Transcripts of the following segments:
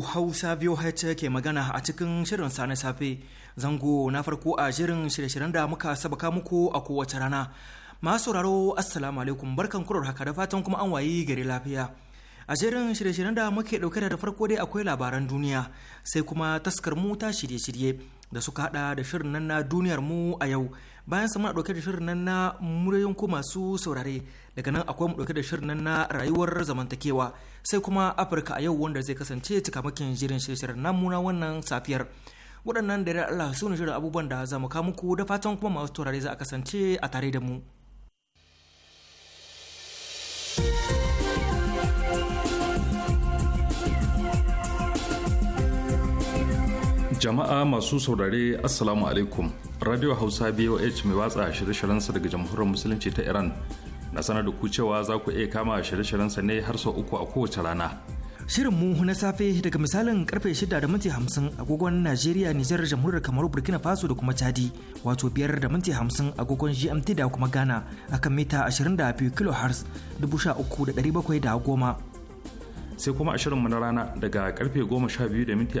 hausa Hausa VOH ke magana a cikin shirin sa safe. Zango na farko a shirin shirye-shiryen da muka sabaka muku a kowace rana. Masu sauraro Assalamu alaikum barkan kurar haka da fatan kuma an wayi gari lafiya. A shirin shirye-shiryen da muke dauke da farko dai akwai labaran duniya sai kuma taskar mu ta shirye-shirye da suka hada da shirin nan na duniyar mu a yau bayan sa muna dauke da shirin nan na muryoyin ku masu saurare daga nan akwai mu dauke da shirin nan na rayuwar zamantakewa sai kuma afirka a yau wanda zai kasance cikamakin jirin shirin nan na wannan safiyar waɗannan da Allah su ne shirin abubuwan da za mu muku da fatan kuma masu taurare za a kasance a tare da mu. jama'a masu saurare assalamu alaikum radio hausa boh mai watsa shirye-shiryensa daga jamhuriyar musulunci ta iran na sanar da ku cewa za ku iya kama shirye-shiryensa ne har sau uku a kowace rana Shirin mu na safe daga misalin karfe 6 da minti 50 agogon Najeriya, Nijar, Jamhuriyar Kamaru, Burkina Faso da kuma Chadi, wato biyar da minti 50 agogon GMT da kuma Ghana akan mita 22 kHz 13,710. Sai kuma a shirinmu na rana daga karfe 12 da minti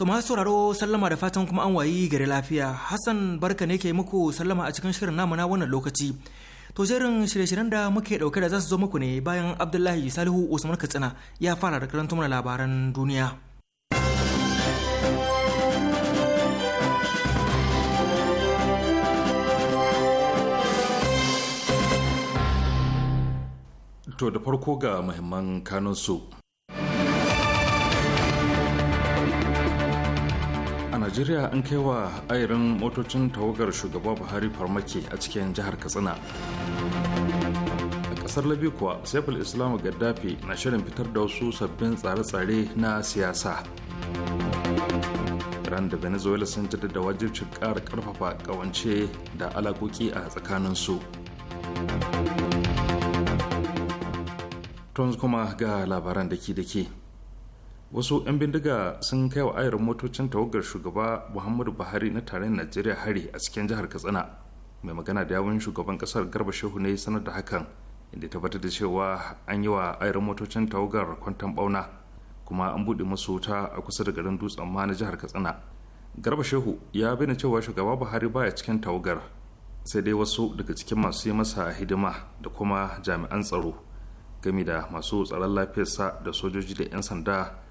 To masu sauraro sallama da fatan kuma an wayi gari lafiya. Hassan barka ne ke muku sallama a cikin shirin namu wannan lokaci. To jerin shirye-shiryen da muke ɗauke da za su zo muku ne bayan Abdullahi Salihu Usman Katsina ya fara da karanta mana labaran duniya. To da farko ga muhimman kanunsu. najeriya an kai wa airin motocin tawagar shugaba buhari farmaki a cikin jihar katsina a kasar labi kuwa saiful islamu gaddafi na shirin fitar da wasu sabbin tsare-tsare na siyasa iran da venezuela sun jaddada wajibcin ƙara ƙarfafa ƙawance da alaƙoƙi a tsakaninsu tons kuma ga labaran daki ke wasu 'yan bindiga sun kai wa ayarin motocin tawagar shugaba muhammadu buhari na tarayyar najeriya hari a cikin jihar katsina mai magana da yawon shugaban kasar garba shehu ne sanar da hakan inda tabbatar da cewa an yi wa ayarin motocin tawagar kwantan bauna kuma an buɗe masu wuta a kusa da garin dutsen ma na jihar katsina garba shehu ya bayyana cewa shugaba buhari baya cikin tawagar sai dai wasu daga cikin masu yi masa hidima da kuma jami'an tsaro gami da masu tsaron lafiyarsa da sojoji da 'yan sanda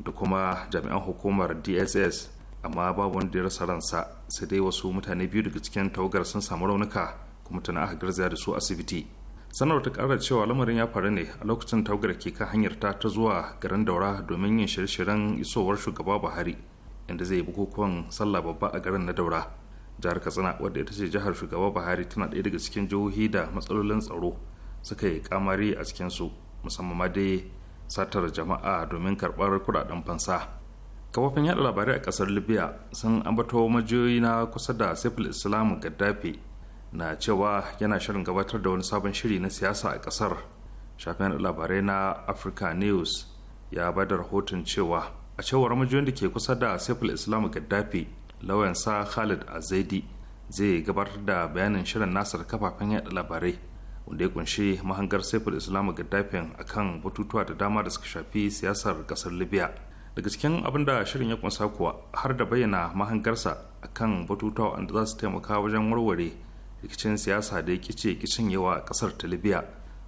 da kuma jami'an hukumar dss amma babu wanda ya rasa ransa sai dai wasu mutane biyu daga cikin tawagar sun samu raunuka kuma tana aka garzaya da su asibiti sanarwar ta kara cewa lamarin ya faru ne a lokacin tawagar ke kan hanyar ta ta zuwa garin daura domin yin shirye-shiryen isowar shugaba buhari inda zai yi bukukuwan sallah babba a garin na daura jihar katsina wadda ita ce jihar shugaba buhari tana ɗaya daga cikin jihohi da matsalolin tsaro suka yi kamari a cikinsu musamman ma dai satar jama'a domin karɓar kudaden fansa kafofin yada labarai a kasar libya sun ambato majiyoyi na kusa da sifil islam gaddafi na cewa yana shirin gabatar da wani sabon shiri na siyasa a kasar shafin labarai na africa news ya ba da rahoton cewa a cewar majiyoyin da ke kusa da sifil islam gaddafi lauyansa khalid azaidi zai gabatar da bayanin shirin nasar kafafen yada labarai wanda ya kunshi mahangar saifar islamu gaddafin kan batutuwa da dama da suka shafi siyasar kasar libya daga cikin abin da shirin ya kunsa kuwa har da bayyana mahangarsa a kan batutuwa wanda za su taimaka wajen warware rikicin siyasa da ya kice kicin yawa a kasar ta libya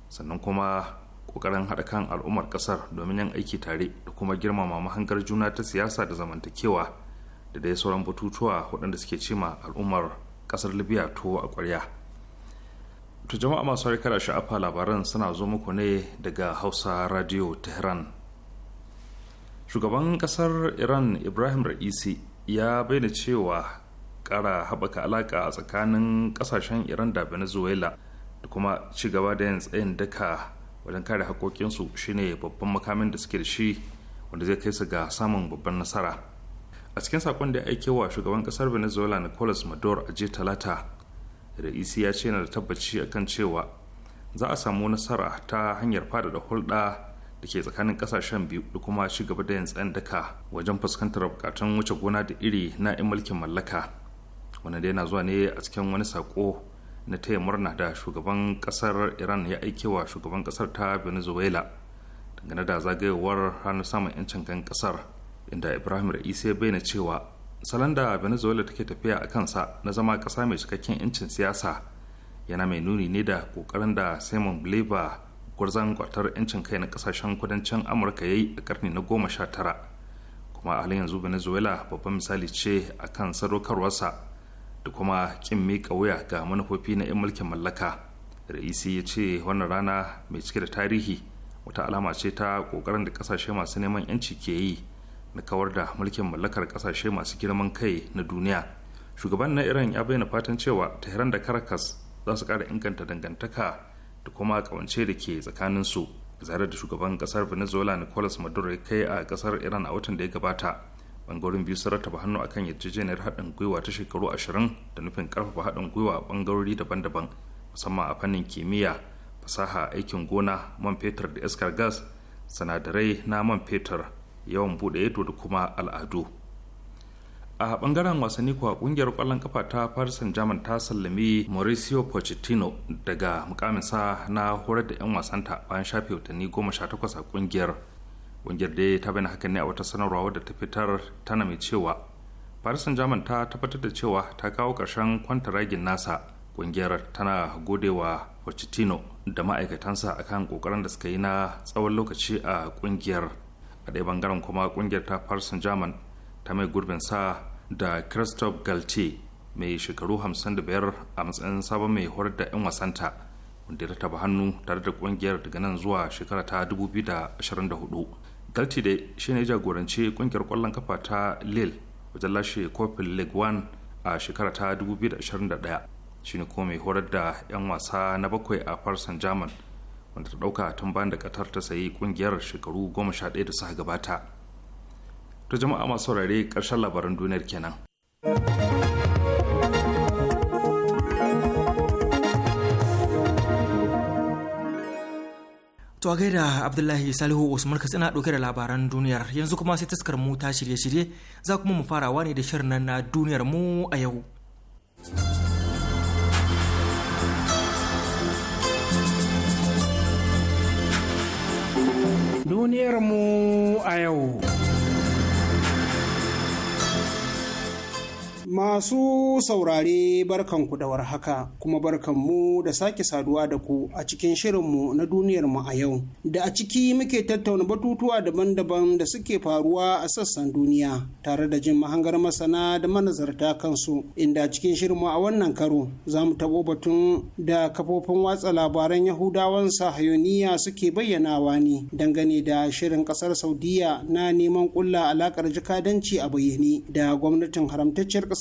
sannan kuma kokarin haɗa kan al'ummar kasar domin yin aiki tare da kuma girmama mahangar juna ta siyasa da zamantakewa da dai sauran batutuwa waɗanda suke cima al'ummar kasar libya tuwo a ƙwarya To jama'a masu kada sha'afa labaran suna zo muku ne daga Hausa Radio Tehran. Shugaban kasar Iran Ibrahim Ra'isi ya bayyana cewa kara haɓaka alaƙa a tsakanin ƙasashen Iran da Venezuela da kuma ci gaba da yin tsayin daka wajen kare haƙoƙinsu shine babban makamin da suke da shi wanda zai kai su ga samun babban nasara. A cikin saƙon da ya aike wa shugaban ƙasar Venezuela Nicolas Maduro a jiya talata ra'isi ya ce yana da tabbaci kan cewa za a samu nasara ta hanyar faɗaɗa hulɗa da ke tsakanin ƙasashen biyu da kuma ci gaba da yin daka wajen fuskantar bukatun wuce gona da iri na 'yan mulkin mallaka wanda da yana zuwa ne a cikin wani sako na taya murna da shugaban kasar iran ya aike wa shugaban kasar ta venezuela dangane da zagayowar ranar samun 'yancin kan kasar inda ibrahim ra'isi ya bayyana cewa salon da venezuela take tafiya a kansa na zama ƙasa mai cikakken 'yancin siyasa yana mai nuni ne da ƙoƙarin da simon bolivar gwarzon kwatar 'yancin kai na ƙasashen kudancin amurka ya yi a ƙarni na goma sha tara kuma a yanzu venezuela babban misali ce a kan sadaukarwarsa da kuma ƙin miƙa wuya ga manufofi na 'yan mulkin mallaka raisi ya ce wannan rana mai cike da tarihi wata alama ce ta ƙoƙarin da ƙasashe masu neman 'yanci ke yi na kawar da mulkin mallakar kasashe masu girman kai na duniya shugaban na iran ya bayyana fatan cewa tehran da caracas za su kara inganta dangantaka da kuma kawance da ke tsakanin su zare da shugaban kasar venezuela nicolas maduro ya kai a kasar iran a watan da ya gabata bangarorin biyu sun rattaba hannu akan yarjejeniyar haɗin gwiwa ta shekaru ashirin da nufin karfafa haɗin gwiwa a bangarori daban-daban musamman a fannin kimiyya fasaha aikin gona man fetur da iskar gas sinadarai na man fetur yawan bude ido da kuma al'adu a bangaren wasanni kuwa kungiyar kwallon kafa ta farisan jaman ta sallami mauricio pochettino daga mukaminsa na horar da 'yan wasanta bayan shafe watanni goma sha 18 a kungiyar kungiyar da ta bayyana hakan ne a wata sanarwa wadda ta fitar tana mai cewa farisan jaman ta tabbatar da cewa ta kawo kwanta kwantaragin nasa kungiyar tana godewa pochettino da ma'aikatansa akan kokarin da suka yi na tsawon lokaci a kungiyar a ɗaya bangaren kuma kungiyar ta farsan german ta mai gurbin sa da christoph galtier mai shekaru 55 a matsayin sabon mai horar da 'yan wasanta wanda ya taba hannu tare da kungiyar daga nan zuwa shekara ta 2024 galti da shi ne jagoranci ƙungiyar kwallon kafa ta lille wajen lashe kofin league one a shekara ta 2021 ne kuma mai horar da 'yan wasa na bakwai a farsan german wanda ta dauka tun bayan da katar ta sayi kungiyar shekaru goma sha ɗaya da suka gabata ta jama'a masu saurare ƙarshen labaran duniyar kenan To a gaida Abdullahi Salihu Usman ka tsina ɗauke da labaran duniyar yanzu kuma sai taskar mu ta shirye-shirye za kuma mu farawa ne da shirin na duniyar mu a yau. duniyarmu a yau. Masu saurare barkanku da warhaka kuma barkanmu da sake saduwa da ku a cikin shirinmu na duniyarmu a yau. Da a ciki muke tattauna batutuwa daban-daban da suke faruwa a sassan duniya tare da jin mahangar masana da manazarta kansu inda a cikin shirinmu a wannan karo za mu taɓo batun da kafofin watsa labaran Yahudawan sahayoniya suke bayyanawa ne dangane da shirin ƙasar Saudiya na neman ƙulla alaƙar jikadanci a bayyane da gwamnatin haramtacciyar ƙasar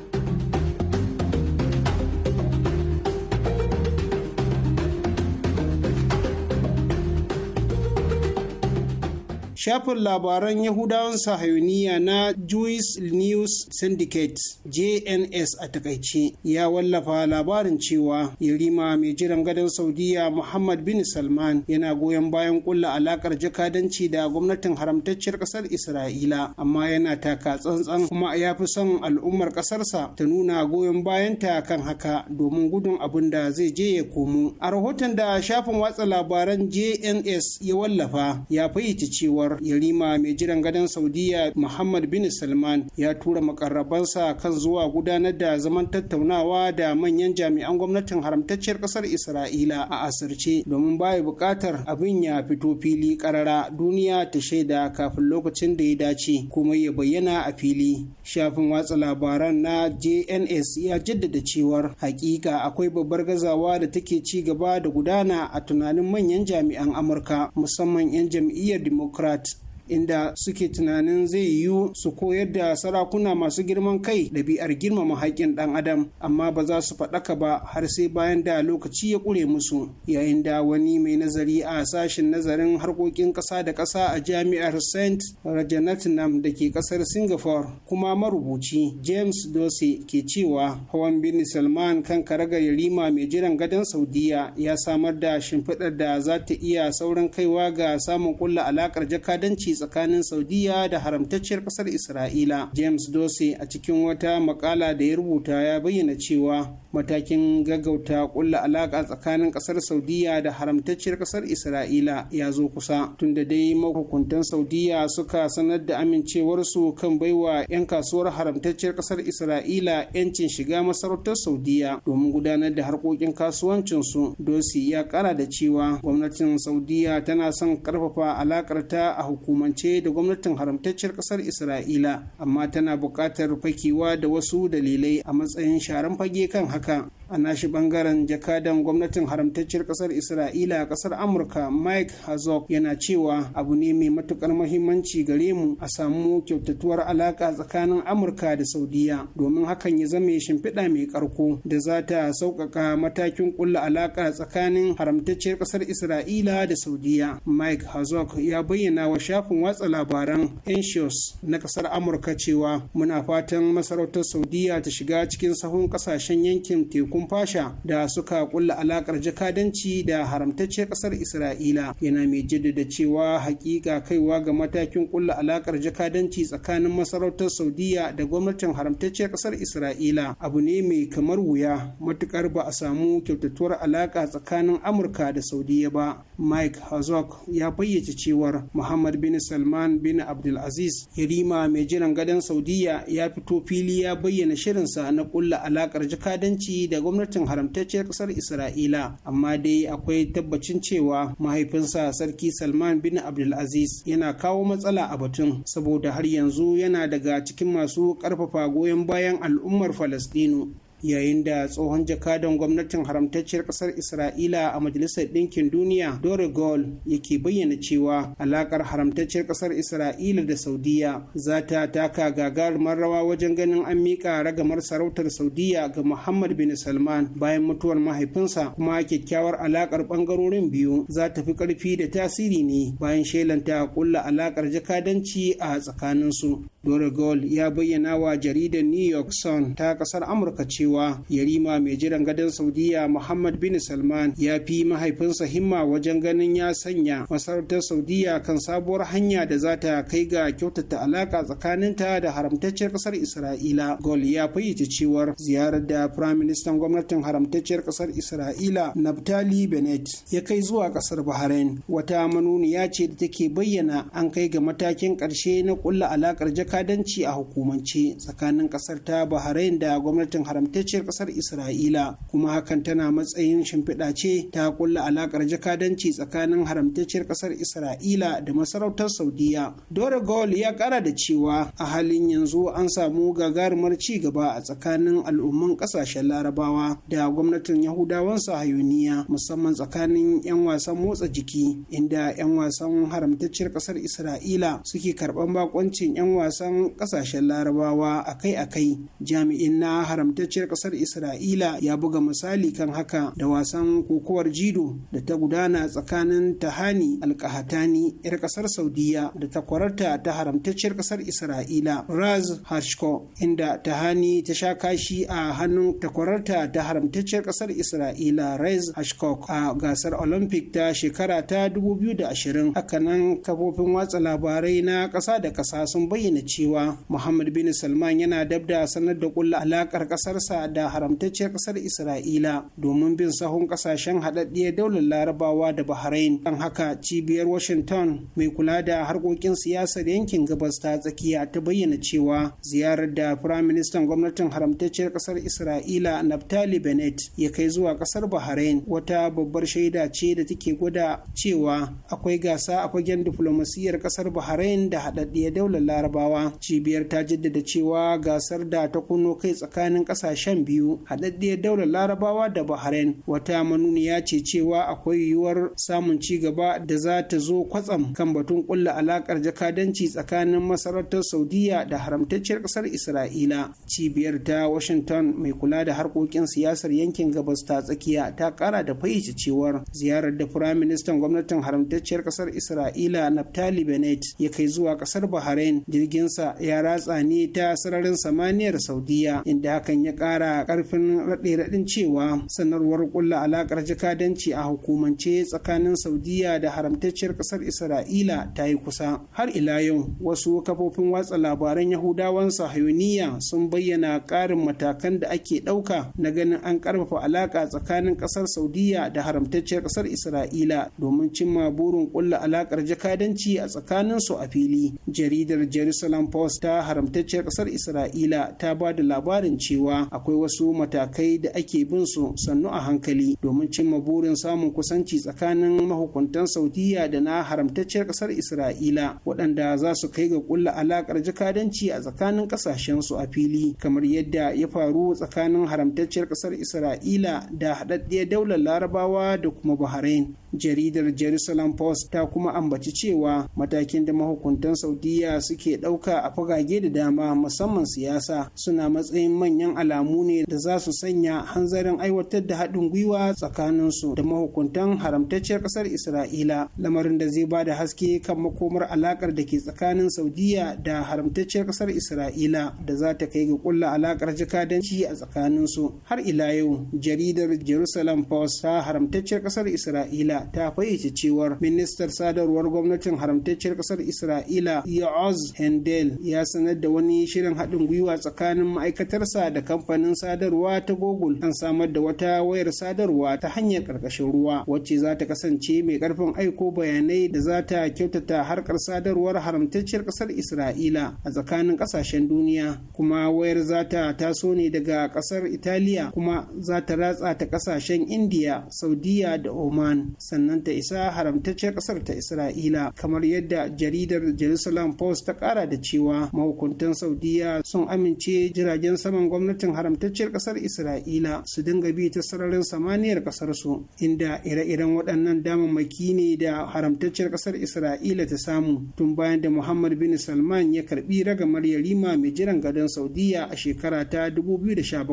shafin labaran yahudawan sahayuniya na jewish news syndicate jns a takaice ya wallafa labarin cewa yarima mai jiran gadon saudiya muhammad bin salman yana goyon bayan kulla alakar jakadanci da gwamnatin haramtacciyar kasar isra'ila amma yana taka tsantsan kuma ya fi son al'ummar kasarsa ta nuna goyon bayanta kan haka domin gudun abin da zai je ya komo a rahoton da shafin watsa labaran jns ya wallafa ya fayyace cewar kasar yarima mai jiran gadon saudiya muhammad bin salman ya tura makarrabansa kan zuwa gudanar da zaman tattaunawa da manyan jami'an gwamnatin haramtacciyar kasar isra'ila a asirce domin baya bukatar abin ya fito fili karara duniya ta shaida kafin lokacin da ya dace kuma ya bayyana a fili shafin watsa labaran na jns ya jaddada cewar hakika akwai babbar gazawa da take ci gaba da gudana a tunanin manyan jami'an amurka musamman 'yan jam'iyyar democrat inda suke tunanin zai yiwu su koyar da sarakuna masu girman kai ɗabi'ar girmama haƙƙin ɗan adam amma ba za su faɗaka ba har sai bayan da lokaci ya ƙure musu yayin da wani mai nazari a sashen nazarin harkokin ƙasa da ƙasa a jami'ar saint rajanatnam da ke ƙasar singapore kuma marubuci james dose ke cewa hawan bin salman kan karagar yarima mai jiran gadon saudiya ya samar da shimfiɗar da za ta iya sauran kaiwa ga samun kulla alaƙar jakadanci tsakanin saudiya da haramtacciyar kasar isra'ila james dose a cikin wata makala da ya rubuta ya bayyana cewa matakin gaggauta kulla alaka tsakanin kasar saudiya da haramtacciyar kasar isra'ila ya zo kusa tunda dai mahukuntan saudiya suka sanar da amincewarsu kan baiwa 'yan kasuwar haramtacciyar kasar isra'ila 'yancin shiga masarautar saudiya domin gudanar da harkokin kasuwancinsu dosi ya kara da cewa gwamnatin saudiya tana son karfafa alakarta a hukumar kasance da gwamnatin haramtacciyar ƙasar isra'ila amma tana buƙatar fakewa da wasu dalilai a matsayin sharan fage kan haka a nashi bangaren jakadan gwamnatin haramtacciyar kasar isra'ila a kasar amurka mike hazok yana cewa abu ne mai matukar mahimmanci gare mu a samu kyautatuwar alaka tsakanin amurka da saudiya domin hakan ya zame shimfiɗa mai karko da za ta sauƙaƙa matakin ƙulla alaka tsakanin haramtacciyar kasar isra'ila da saudiya mike hazok ya bayyana wa shafin watsa labaran anxious na kasar amurka cewa muna fatan masarautar saudiya ta shiga cikin sahun kasashen yankin tekun fasha da suka kulla alakar jakadanci da haramtacciyar kasar isra'ila yana mai jaddada cewa hakika kaiwa ga matakin kulla alakar jakadanci tsakanin masarautar saudiya da gwamnatin haramtacce kasar isra'ila abu ne mai kamar wuya matukar ba a samu kyautatuwar alaka tsakanin amurka da saudiya ba mike hazok ya fayyace cewar muhammad bin salman bin abdulaziz yarima mai jiran gadon saudiya ya fito fili ya bayyana shirinsa na kulla alakar jakadanci da gwamnatin haramtacciyar ƙasar isra'ila amma dai akwai tabbacin cewa mahaifinsa sarki salman bin abdulaziz yana kawo matsala a batun saboda har yanzu yana daga cikin masu ƙarfafa goyon bayan al'ummar falastinu yayin da tsohon jakadan gwamnatin haramtacciyar kasar isra'ila a majalisar ɗinkin duniya dore gol yake bayyana cewa alakar haramtacciyar kasar isra'ila da saudiya za ta taka gagarumar rawa wajen ganin an miƙa ragamar sarautar saudiya ga muhammad bin salman bayan mutuwar mahaifinsa kuma kyakkyawar alakar ɓangarorin biyu za ta fi ƙarfi da tasiri ne bayan shelanta kulla alakar jakadanci a tsakaninsu dore gol ya bayyana wa jaridar new york sun ta kasar amurka cewa cewa yarima mai jiran gadon saudiya muhammad bin salman ya fi mahaifinsa himma wajen ganin ya sanya masarautar saudiya kan sabuwar hanya da za ta kai ga kyautata alaka tsakaninta da haramtacciyar kasar isra'ila gol ya fayyace cewar ziyarar da firaministan ministan gwamnatin haramtacciyar kasar isra'ila naftali bennett ya kai zuwa kasar bahrain wata manuniya ce da take bayyana an kai ga matakin ƙarshe na kulla alakar jakadanci a hukumance tsakanin kasar ta bahrain da gwamnatin haramtacciyar haramtacciyar kasar isra'ila kuma hakan tana matsayin shimfiɗa ta kulla alakar jakadanci tsakanin haramtacciyar kasar isra'ila da masarautar saudiya dora gol ya kara da cewa a halin yanzu an samu gagarumar ci gaba a tsakanin al'umman ƙasashen larabawa da gwamnatin yahudawan sahayuniya musamman tsakanin 'yan wasan motsa jiki inda 'yan wasan haramtacciyar kasar isra'ila suke karɓar bakoncin 'yan wasan ƙasashen larabawa akai-akai jami'in na haramtacciyar ƙasar isra'ila ya buga misali kan haka da wasan kokowar jido da ta gudana tsakanin tahani alkahatani 'yar ƙasar saudiya da takwararta ta haramtacciyar ƙasar isra'ila raz hashko inda tahani ta sha kashi a hannun takwararta ta haramtacciyar ƙasar isra'ila raz Hashko. a gasar olympic ta shekara ta 2020 hakanan kafofin watsa labarai na kasa da kasa sun bayyana cewa muhammad bin salman yana dabda sanar da kulla alakar ƙasarsa da haramtacciyar kasar isra'ila domin bin sahun kasashen haɗaɗɗiya daular larabawa da bahrain kan haka cibiyar washington mai kula da harkokin siyasar yankin gabas ta tsakiya ta bayyana cewa ziyarar da firaministan gwamnatin haramtacciyar kasar isra'ila naftali bennett ya kai zuwa kasar bahrain wata babbar shaida ce da take gwada cewa akwai gasa a fagen diflomasiyyar kasar bahrain da haɗaɗɗiya daular larabawa cibiyar ta jaddada cewa gasar da ta kuno kai tsakanin kasashe. ƙasashen biyu haɗaɗɗiyar daular larabawa da bahrain wata manuniya ce cewa akwai yiwuwar samun ci gaba da za ta zo kwatsam kan batun ƙulla alaƙar jakadanci tsakanin masarautar saudiya da haramtacciyar ƙasar isra'ila cibiyar ta washington mai kula da harkokin siyasar yankin gabas ta tsakiya ta ƙara da fayyace cewar ziyarar da firaministan gwamnatin haramtacciyar ƙasar isra'ila naftali benet ya kai zuwa ƙasar bahrain jirginsa ya ratsa ne ta sararin samaniyar saudiya inda hakan ya ƙara kara ƙarfin raɗe-raɗin cewa sanarwar ƙulla alaƙar jakadanci a hukumance tsakanin saudiya da haramtacciyar ƙasar isra'ila ta yi kusa har ila yau wasu kafofin watsa labaran yahudawan sahayoniya sun bayyana ƙarin matakan da ake ɗauka na ganin an ƙarfafa alaƙa tsakanin ƙasar saudiya da haramtacciyar ƙasar isra'ila domin cimma burin ƙulla alaƙar jakadanci a tsakanin su a fili jaridar jerusalem post ta haramtacciyar ƙasar isra'ila ta ba da labarin cewa a akwai wasu matakai da ake bin su sannu a hankali domin cimma burin samun kusanci tsakanin mahukuntan saudiya da na haramtacciyar ƙasar isra'ila waɗanda za su kai ga ƙulla alaƙar jakadanci a tsakanin ƙasashen su a fili kamar yadda ya faru tsakanin haramtacciyar ƙasar isra'ila da haɗaɗɗiyar daular larabawa da kuma bahrain jaridar jerusalem post ta kuma ambaci cewa matakin da mahukuntan saudiya suke ɗauka a fagage da dama musamman siyasa suna matsayin manyan alamu alamu ne da za su sanya hanzarin aiwatar da haɗin gwiwa tsakaninsu da mahukuntan haramtacciyar ƙasar isra'ila lamarin da zai ba da haske kan makomar alaƙar da ke tsakanin saudiya da haramtacciyar ƙasar isra'ila da za ta kai ga ƙulla alaƙar jakadanci a tsakanin su. har ila yau jaridar jerusalem post ta haramtacciyar ƙasar isra'ila ta fayyace cewar ministar sadarwar gwamnatin haramtacciyar ƙasar isra'ila ya'oz hendel ya sanar da wani shirin haɗin gwiwa tsakanin ma'aikatarsa da kamfanin kamfanin sadarwa ta Google an samar da wata wayar sadarwa ta hanyar karkashin ruwa wacce za ta kasance mai karfin aiko bayanai da za ta kyautata harkar sadarwar haramtacciyar kasar Isra'ila a tsakanin kasashen duniya kuma wayar za ta taso ne daga kasar Italiya kuma za ta ratsa ta kasashen Indiya, Saudiya da Oman sannan ta isa haramtacciyar kasar ta Isra'ila kamar yadda jaridar Jerusalem Post ta kara da cewa mahukuntan Saudiya sun amince jiragen saman gwamnatin haram haramtacciyar kasar isra'ila su dinga bi ta sararin samaniyar kasar su inda ire-iren waɗannan damammaki ne da haramtacciyar kasar isra'ila ta samu tun bayan da muhammad bin salman ya karbi ragamar yarima mai jiran gadon saudiya a shekara ta 2017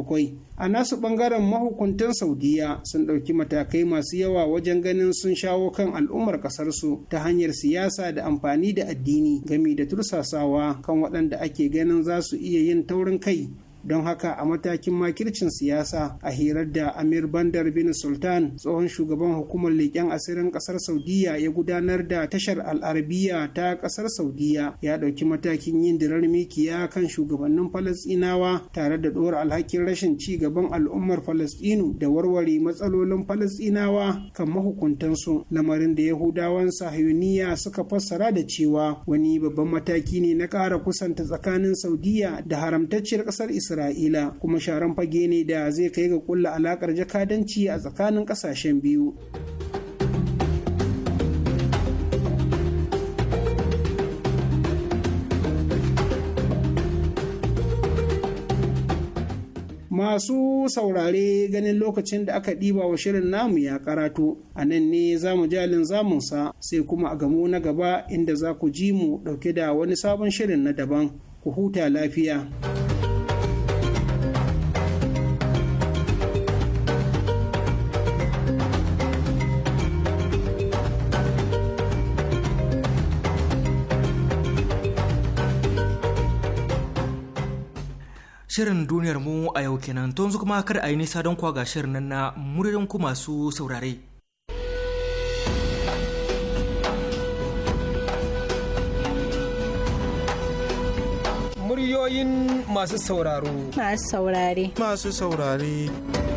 a nasu bangaren mahukuntan saudiya sun ɗauki matakai masu yawa wajen ganin sun shawo kan al'ummar kasar su ta hanyar siyasa da amfani da addini gami da tursasawa kan waɗanda ake ganin za su iya yin taurin kai don haka a matakin makircin siyasa a hirar da amir bandar bin sultan tsohon shugaban hukumar leƙen asirin ƙasar saudiya ya gudanar da tashar al'arabiya ta ƙasar saudiya ya ɗauki matakin yin dirar mikiya kan shugabannin falasɗinawa tare da ɗora alhakin rashin ci gaban al'ummar falasɗinu da warware matsalolin falasɗinawa kan mahukuntansu lamarin da yahudawan sahiyuniya suka fassara da cewa wani babban mataki ne na ƙara kusanta tsakanin saudiya da haramtacciyar ƙasar isra'ila isra'ila kuma sharan fage ne da zai kai ga kulla alakar jakadanci a tsakanin kasashen biyu masu saurare ganin lokacin da aka ɗiba wa shirin namu ya karatu a nan ne za mu jalin zamunsa sai kuma a gamo na gaba inda za ku ji mu ɗauke da wani sabon shirin na daban ku huta lafiya. Shirin duniyar mu a yau kenan to yanzu kuma kar a yi nisa don ga shirin nan na muririn ku masu saurare. Muryoyin masu sauraro. Masu saurare. Masu saurare.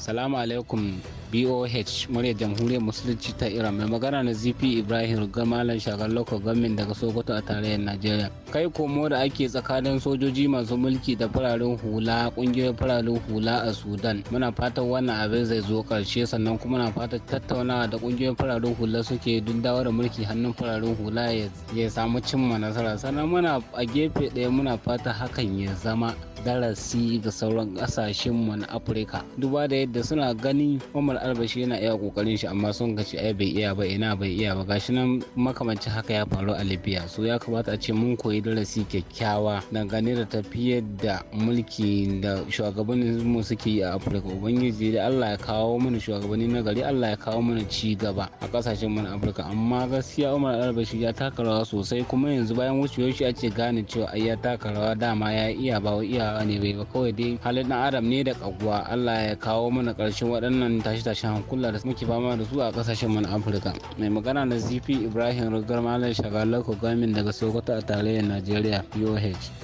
salamu alaikum boh murya jamhuriyar musulunci ta iran mai magana na zp ibrahim malam shagar loko gamin daga sokoto a tarayyar najeriya kai komo da ake tsakanin sojoji masu mulki da fararen hula kungiyoyin fararen hula a sudan muna fatan wannan abin zai zo karshe sannan kuma na fatan tattaunawa da kungiyoyin fararen hula suke duk dawo da mulki hannun fararen hula ya samu cimma nasara sannan muna a gefe ɗaya muna fata hakan ya zama darasi ga sauran kasashen mu na afirka duba da yadda suna ganin umar albashi yana iya kokarin shi amma sun ga ai bai iya ba ina bai iya ba gashi nan makamancin haka ya faru a libya so ya kamata a ce mun koyi darasi kyakkyawa dangane da tafiyar da mulki da shugabannin mu suke yi a afirka ubangiji da allah ya kawo mana shugabanni na gari allah ya kawo mana ci gaba a kasashen mu na afirka amma gaskiya umar albashi ya taka rawa sosai kuma yanzu bayan wucewar shi a ce gane cewa ai ya taka rawa dama ya iya ba iya ba ne bai ba kawai dai halin na adam ne da kaguwa allah ya kawo mana karshen waɗannan tashi tashi hankula da muke fama da su a kasashen mana afirka mai magana da zp ibrahim rugar malam shagalako kogamin daga sokoto a tarayyar najeriya boh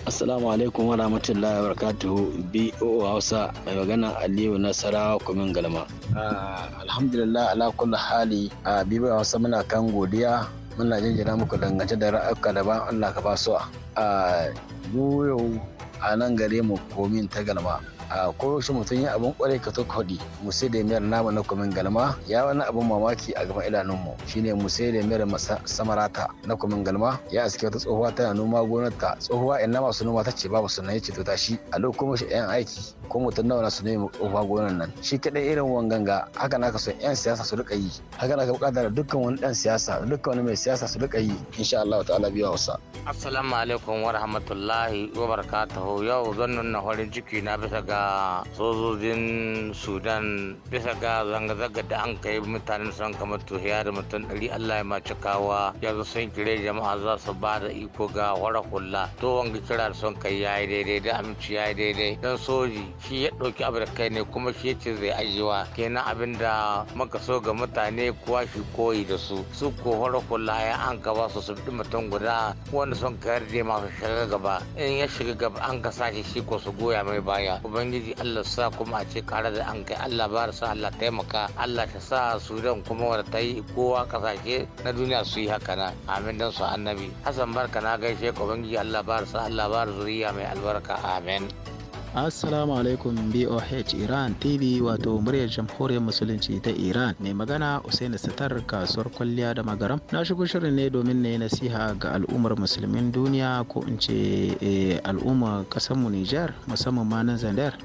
assalamu alaikum wa rahmatullahi wa barakatuhu bo hausa mai magana aliyu nasarawa kumin galma ah, alhamdulillah ala kulli hali a bibo hausa muna kan godiya muna jinjina muku dangance da ra'ayoyi da ba Allah ka ba su a ah, yau a nan gare mu komin ta galma a koyaushe mutum yi abin kwarai ka tuka hudi musai da miyar nama na kumin galma ya wani abin mamaki a gaban idanunmu shine ne sai da miyar samarata na kumin galma ya aske wata tsohuwa tana noma gonarta tsohuwa ina masu noma ta ce babu sunan ya ce ta tashi a lokacin shi yan aiki ko mutum nawa na su nemi tsohuwa gonar nan shi kadai irin wanganga haka naka so yan siyasa su rika yi haka naka bukatar dukkan wani dan siyasa dukkan wani mai siyasa su rika yi insha Allah ta'ala biya wasa assalamu alaikum wa rahmatullahi wa barakatuhu yau zan nuna farin ciki na bisa ga ga sojojin sudan bisa ga zanga-zanga da an kai mutanen sun kamar tuhiya da mutum ɗari allah ya mace kawa yanzu sun kire jama'a za su ba da iko ga wara kula to wanga kira da sun kai yi daidai da aminci yi daidai dan soji shi ya ɗauki abu da kai ne kuma shi ce zai ajiyewa kenan abin da maka so ga mutane kuwa shi koyi da su su ko wara kula ya an gaba su su bi mutum guda wanda sun kayar da masu shiga gaba in ya shiga gaba an ka sashi shi ko su goya mai baya ubangiji allah sa kuma a ce kare da an kai allah ba sa allah taimaka allah ta sa sudan kuma wata ta yi kowa kasashe na duniya su yi haka na amin don su annabi hassan barka na gaishe ubangiji allah ba sa allah ba zuriya mai albarka amin. Assalamu alaikum BOH Iran TV wato muryar jamhuriyar musulunci ta Iran mai magana Usain satar kasuwar kwalliya da magaram na shigo shirin ne domin na yi nasiha ga al'ummar musulmin duniya ko in ce eh, al'ummar kasar mu Nijar musamman ma nan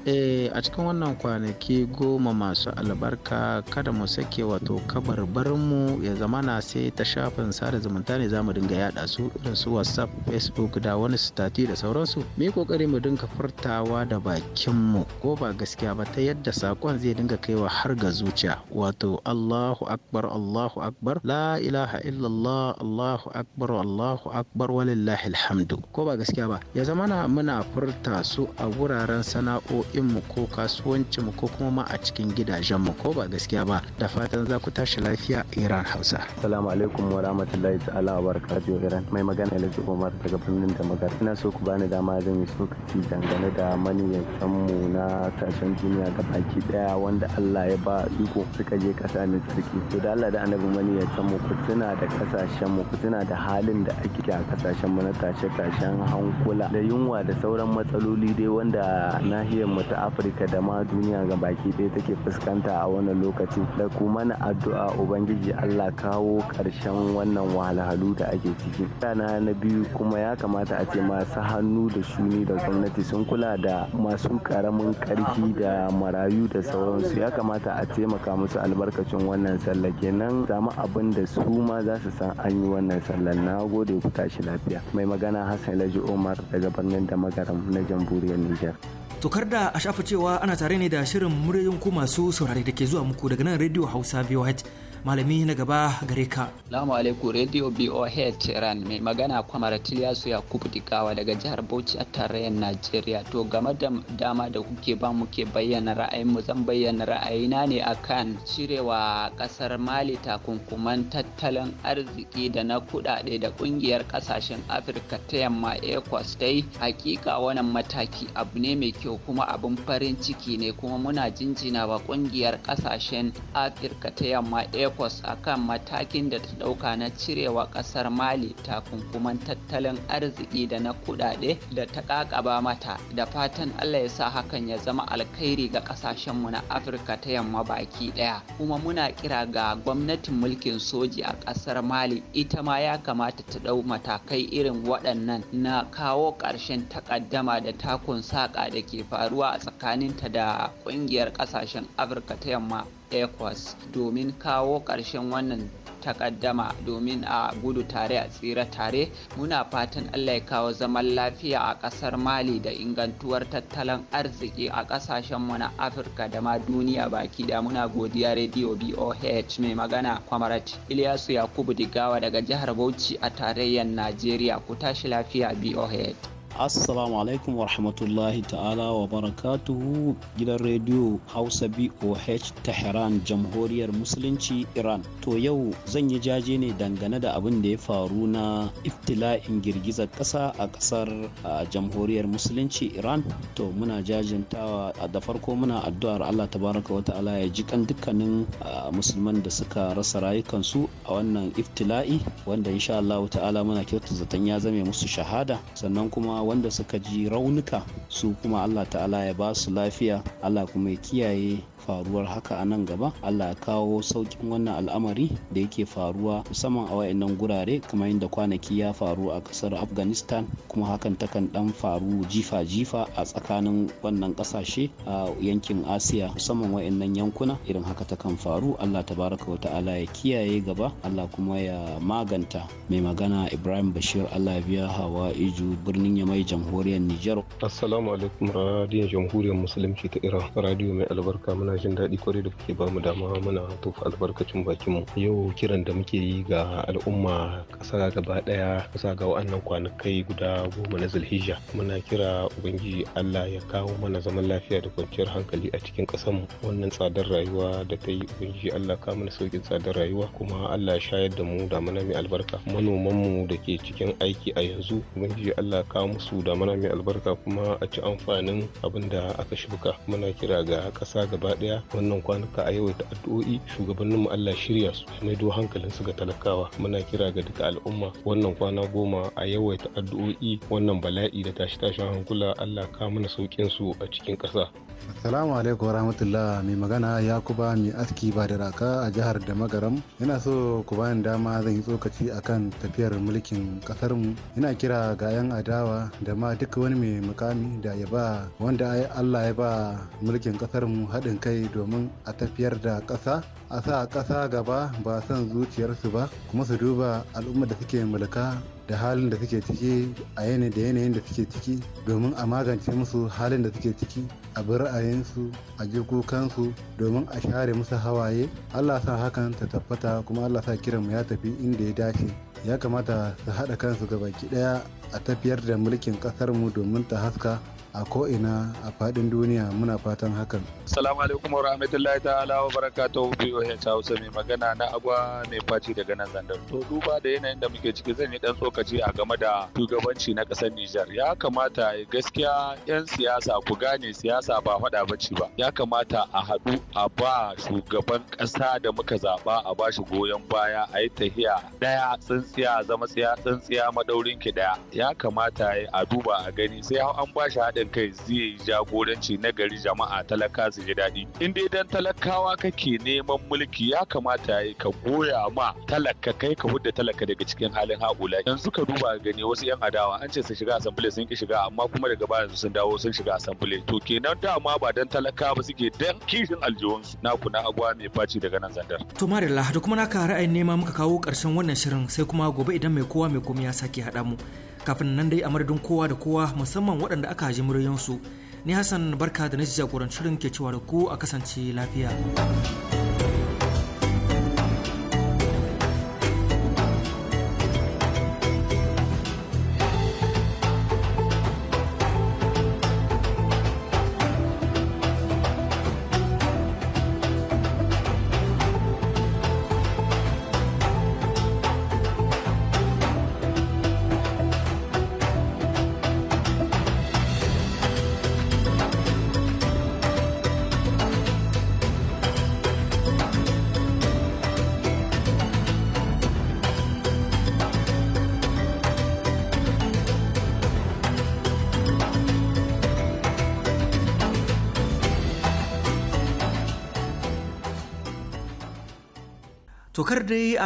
eh a cikin wannan kwanaki goma masu albarka kada mu sake wato kabar mu ya zama na sai ta shafin sada zumunta ne zamu dinga yada su irin su WhatsApp Facebook da wani stati da sauransu mu yi kokari mu dinga furtawa da bakinmu ko ba gaskiya ba ta yadda sakon zai dinga kaiwa har ga zuciya wato Allahu akbar Allahu akbar la ilaha illallah Allahu akbar Allahu akbar walillahi alhamdu ko ba gaskiya ba ya zamana muna furta su a wuraren sana'o'inmu ko kasuwancinmu ko kuma ma a cikin gidajenmu ko ba gaskiya ba da fatan za ku tashi lafiya Iran Hausa Assalamu alaikum wa rahmatullahi ta'ala wa barakatuhu Iran mai magana Alhaji Umar daga birnin Damagar ina so ku bani dama zan yi sokaci dangane da mani mu na tashan duniya ga baki daya wanda Allah ya ba iko suka je kasa mai tsarki to da Allah da annabi mani ya san mu ku tuna da kasashen mu ku tuna da halin da ake a kasashen mu na tashe tashen hankula da yunwa da sauran matsaloli dai wanda nahiyar mu ta Afirka da ma duniya ga baki daya take fuskanta a wannan lokaci da kuma na addu'a ubangiji Allah kawo karshen wannan wahalhalu da ake ciki. Sana na biyu kuma ya kamata a ce masu hannu da shuni da gwamnati sun kula da masu karamin karfi da marayu da sauransu ya kamata a taimaka musu albarkacin wannan sallah kenan samu abin da su ma za su san an yi wannan sallah na gode ku tashi lafiya mai magana hassan laji umar daga birnin da magaram na jamhuriyar niger tokar da a shafa cewa ana tare ne da shirin muryoyin ku masu saurare da ke zuwa muku daga nan radio hausa voh malami na gaba gare ka Lamu alaikum Radio BOH Iran mai magana kwamar ya Yakubu Dikawa daga jihar Bauchi a tarayyar Najeriya to game da dama da kuke ba ke bayyana ra'ayin mu zan bayyana ra'ayina ne akan cirewa kasar Mali takunkuman tattalin arziki da na kuɗaɗe da ƙungiyar ƙasashen Afirka ta yamma ECOWAS dai hakika wannan mataki abu ne mai kyau kuma abun farin ciki ne kuma muna jinjina wa kungiyar kasashen Afirka ta yamma ECOWAS takwas a kan matakin da ta ɗauka na cirewa ƙasar mali takunkuman tattalin arziki da na kuɗaɗe da ta ƙaƙaba mata da fatan allah ya sa hakan ya zama alkhairi ga ƙasashenmu na afirka ta yamma baki ɗaya kuma muna kira ga gwamnatin mulkin soji a ƙasar mali ita ma ya kamata ta ɗau matakai irin waɗannan na kawo ƙarshen takaddama da takun saƙa da ke faruwa a tsakaninta da ƙungiyar ƙasashen afirka ta yamma ecowas domin kawo ƙarshen wannan takaddama domin a gudu tare a tsira tare muna fatan allah ya kawo zaman lafiya a ƙasar mali da ingantuwar tattalin arziki a mu na afirka da ma duniya baki da muna godiya rediyo boh mai magana kwamarat iliyasu yakubu digawa daga jihar bauchi a tarayyar najeriya ku tashi lafiya boh Assalamu alaikum wa rahmatullahi ta'ala wa barakatuhu gidan rediyo Hausa BOH Tehran Jamhuriyar Musulunci Iran. To yau zan yi jaje ne dangane da abin da ya faru na iftila'in girgizar ƙasa a ƙasar Jamhuriyar Musulunci Iran. To muna jajintawa da farko muna addu'ar Allah tabaraka wa ta'ala ya ji kan dukkanin musulman da suka rasa rayukansu a wannan iftila'i wanda insha Allah ta'ala muna kyautar zaton ya zame musu shahada sannan kuma wanda suka ji raunuka su kuma Allah ta'ala ya ba su lafiya Allah kuma ya kiyaye faruwar haka a nan gaba allah ya kawo saukin wannan al'amari da yake faruwa musamman a wayannan gurare kamar yadda kwanaki ya faru a kasar afghanistan kuma hakan takan dan faru jifa-jifa a tsakanin wannan kasashe a yankin asiya musamman wayannan yankuna irin haka takan faru allah ta baraka wa ta'ala ya kiyaye gaba allah kuma ya maganta mai magana ibrahim bashir allah biya hawa iju birnin yamai jamhuriyar nijar assalamu alaikum radiyon jamhuriyar musulunci ta iran radiyo mai albarka muna muna jin daɗi kwarai da kuke bamu dama muna tofa albarkacin bakinmu yau kiran da muke yi ga al'umma ƙasa gaba ɗaya kusa ga wa'annan kwanakai guda goma na zulhijja muna kira ubangiji allah ya kawo mana zaman lafiya da kwanciyar hankali a cikin ƙasarmu wannan tsadar rayuwa da ta yi ubangiji allah ka mana sauƙin tsadar rayuwa kuma allah shayar da mu da mana mai albarka manomanmu da ke cikin aiki a yanzu ubangiji allah ka musu da mana mai albarka kuma a ci amfanin abin da aka shuka muna kira ga ƙasa gaba daya wannan kwanuka a yawaita addu'o'i shugabannin mu Allah shirya su do hankalin su ga talakawa muna kira ga duka al'umma wannan kwana goma a yawaita addu'o'i wannan bala'i da tashi tashin hankula Allah ka mana saukin su a cikin ƙasa. Assalamu alaikum warahmatullah mai magana Yakuba mai aski ba da raka a jihar da magaram yana so ku bayan dama zan yi tsokaci akan tafiyar mulkin kasarmu mu ina kira ga yan adawa da ma duk wani mai mukami da ya ba wanda Allah ya ba mulkin kasar haɗin kai kai domin a tafiyar da ƙasa a sa ƙasa gaba ba son zuciyarsu ba kuma su duba al'ummar da suke mulka da halin da suke ciki a yanayin da yanayin da suke ciki domin a magance musu halin da suke ciki a bi ra'ayinsu a ji kukansu domin a share musu hawaye allah sa hakan ta tabbata kuma allah sa kiranmu ya tafi inda ya dace ya kamata su haɗa kansu gabaki ɗaya a tafiyar da mulkin ƙasarmu domin ta haska a ko'ina a faɗin duniya muna fatan hakan. Salamu alaikum wa rahmatullahi ta'ala wa barakatuhu BOH Hausa mai magana na agwa mai faci daga nan zandar. To duba da yanayin da muke ciki zan yi dan tsokaci a game da shugabanci na kasar Nijar. Ya kamata gaskiya 'yan siyasa ku gane siyasa ba faɗa bacci ba. Ya kamata a haɗu a ba shugaban ƙasa da muka zaɓa a ba shi goyon baya a yi tahiya ɗaya tsintsiya zama tsiya tsintsiya madaurin ki ɗaya. Ya kamata a duba a gani sai an ba shi haɗin haɗin kai zai jagoranci na gari jama'a talaka su ji daɗi in dai dan talakawa kake neman mulki ya kamata ka goya ma talaka kai ka hudda talaka daga cikin halin haƙula yanzu ka duba gani wasu yan adawa an ce su shiga asambile sun ki shiga amma kuma daga baya sun dawo sun shiga asambile to kenan dama ba dan talaka ba suke dan kishin aljihunsu na kuna agwa mai faci daga nan zandar. to marilla da kuma naka ra'ayin nema muka kawo ƙarshen wannan shirin sai kuma gobe idan mai kowa mai komai ya sake haɗa mu kafin nan dai a madadin kowa da kowa musamman waɗanda aka haji muryansu ni hassan barka da na jagorancin ke cewa da ku a kasance lafiya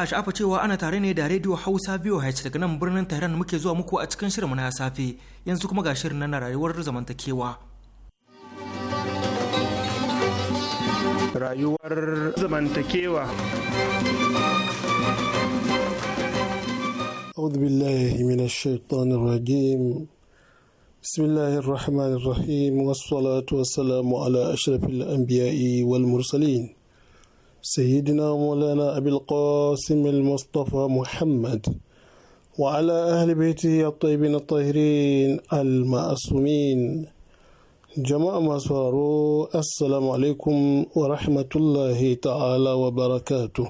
a sha'afa cewa ana tare ne da rediyo hausa VOH daga nan birnin tehran muke zuwa muku a cikin shirin na safe yanzu kuma ga shirin na rayuwar zamantakewa rayuwar zamantakewa أعوذ بالله من الشيطان الرجيم بسم الله الرحمن الرحيم والصلاة والسلام على أشرف الأنبياء والمرسلين سيدنا مولانا أبي القاسم المصطفى محمد وعلى أهل بيته الطيبين الطاهرين المعصومين jama'a masu sauraro assalamu alaikum wa rahmatullahi ta'ala wa barakatu